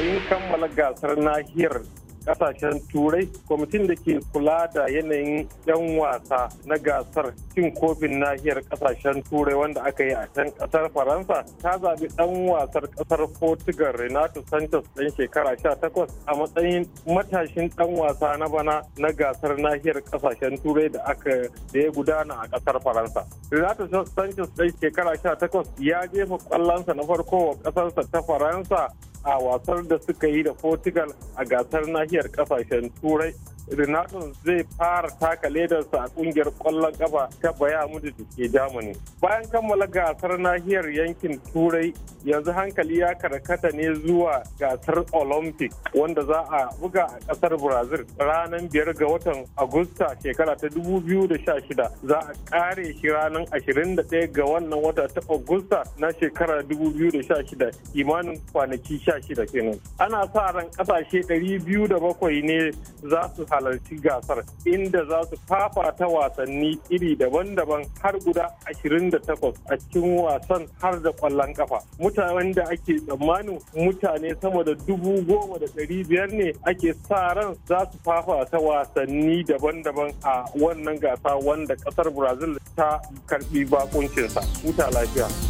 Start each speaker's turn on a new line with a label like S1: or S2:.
S1: yayin kammala gasar nahiyar kasashen turai kwamitin da ke kula da yanayin 'yan wasa na gasar cin kofin nahiyar kasashen turai wanda aka yi a can kasar faransa ta zaɓi ɗan wasar kasar portugal renato sanchez ɗan shekara 18 a matsayin matashin ɗan wasa na bana na gasar nahiyar kasashen turai da aka da ya gudana a kasar faransa renato sanchez ɗan shekara 18 ya jefa kwallonsa na farko wa ƙasarsa ta faransa a wasar da suka yi da portugal a gasar nahiyar kasashen turai Renato zai fara taka ledarsa a kungiyar kwallon kafa ta Bayern da ke Germany. Bayan kammala gasar nahiyar yankin Turai yanzu hankali ya karkata ne zuwa gasar Olympic wanda za a buga a kasar Brazil ranar biyar ga watan Agusta shekara ta 2016 za a kare shi ranar 21 ga wannan wata ta Agusta na shekara 2016 imanin kwanaki 16 kenan. Ana sa ran kasashe 207 ne za su halarci gasar inda za su fafata wasanni iri daban-daban har guda 28 a cikin wasan har da kwallon kafa. Mutanen da ake tsammanin mutane sama da dubu goma da ɗari biyar ne ake sa ran za su fafata wasanni daban-daban a wannan gasa wanda ƙasar Brazil ta karbi bakuncinsa. Huta lafiya.